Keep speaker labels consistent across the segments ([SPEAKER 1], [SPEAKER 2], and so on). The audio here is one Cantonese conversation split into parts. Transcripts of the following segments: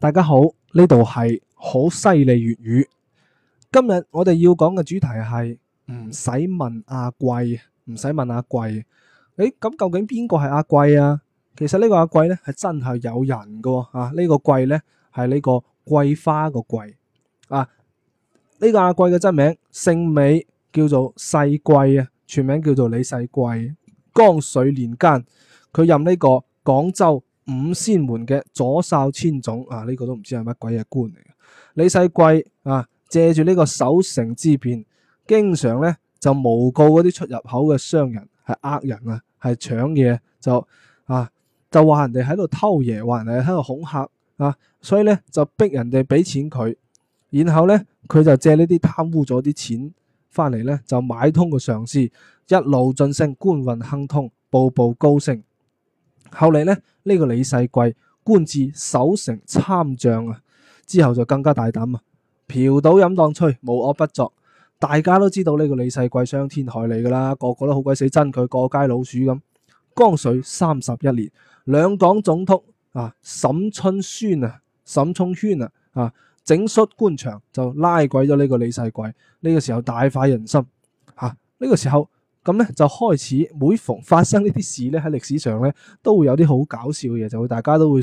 [SPEAKER 1] 大家好，呢度係好犀利粵語。今日我哋要講嘅主題係唔使問阿貴，唔使問阿貴。誒，咁究竟邊個係阿貴啊？其實呢個阿貴咧係真係有人嘅吓，呢、啊呢個貴咧係呢個桂花個桂，花貴啊。呢、呢個阿貴嘅真名姓李，叫做世貴啊，全名叫做李世貴。江水年間，佢任呢、呢個廣州。五仙門嘅左哨千總啊，呢個都唔知係乜鬼嘢官嚟嘅。李世貴啊，借住呢個守城之便，經常咧就誣告嗰啲出入口嘅商人係呃人啊，係搶嘢，就啊就話人哋喺度偷嘢，話人哋喺度恐嚇啊，所以咧就逼人哋俾錢佢，然後咧佢就借呢啲貪污咗啲錢翻嚟咧，就買通個上司，一路晉升，官運亨通，步步高升。後嚟呢，呢、這個李世貴官至守城參將啊，之後就更加大膽啊，嫖賭飲蕩吹，無惡不作。大家都知道呢個李世貴傷天害理㗎啦，個個都好鬼死憎佢，過街老鼠咁。江水三十一年，兩港總督啊，沈春宣啊，沈充軒啊，啊，整肅官場就拉鬼咗呢個李世貴。呢、這個時候大快人心，吓、啊、呢、這個時候。咁咧就開始，每逢發生呢啲事咧，喺歷史上咧都會有啲好搞笑嘅嘢，就會大家都會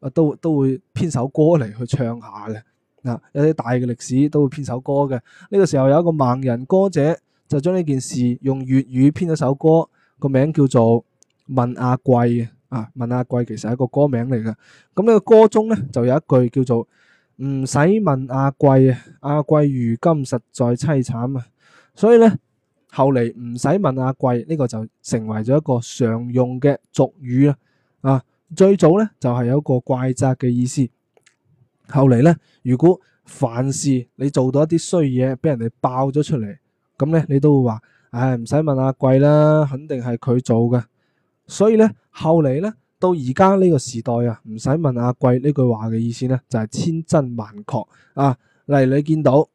[SPEAKER 1] 啊都會都會編首歌嚟去唱一下嘅。嗱，有啲大嘅歷史都會編首歌嘅。呢個時候有一個盲人歌者就將呢件事用粵語編咗首歌，個名叫做《問阿桂》啊，《問阿桂》其實係一個歌名嚟嘅。咁呢個歌中咧就有一句叫做唔使問阿桂啊，阿桂如今實在凄慘啊，所以咧。後嚟唔使問阿桂，呢、這個就成為咗一個常用嘅俗語啦。啊，最早呢，就係、是、有一個怪責嘅意思。後嚟呢，如果凡事你做到一啲衰嘢，俾人哋爆咗出嚟，咁咧你都會話，唉、哎，唔使問阿桂啦，肯定係佢做嘅。所以呢，後嚟呢，到而家呢個時代啊，唔使問阿桂呢句話嘅意思呢，就係、是、千真萬確啊。例如你見到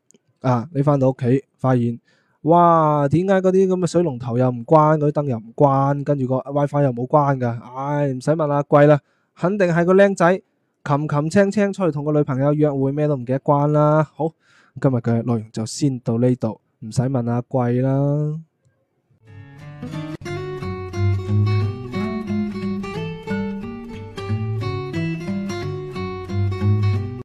[SPEAKER 1] 啊，你返到屋企發現。哇，點解嗰啲咁嘅水龍頭又唔關，嗰啲燈又唔關，跟住個 WiFi 又冇關噶？唉，哎，唔使問阿貴啦，肯定係個靚仔，琴琴青青出去同個女朋友約會，咩都唔記得關啦。好，今日嘅內容就先到呢度，唔使問阿貴啦。貴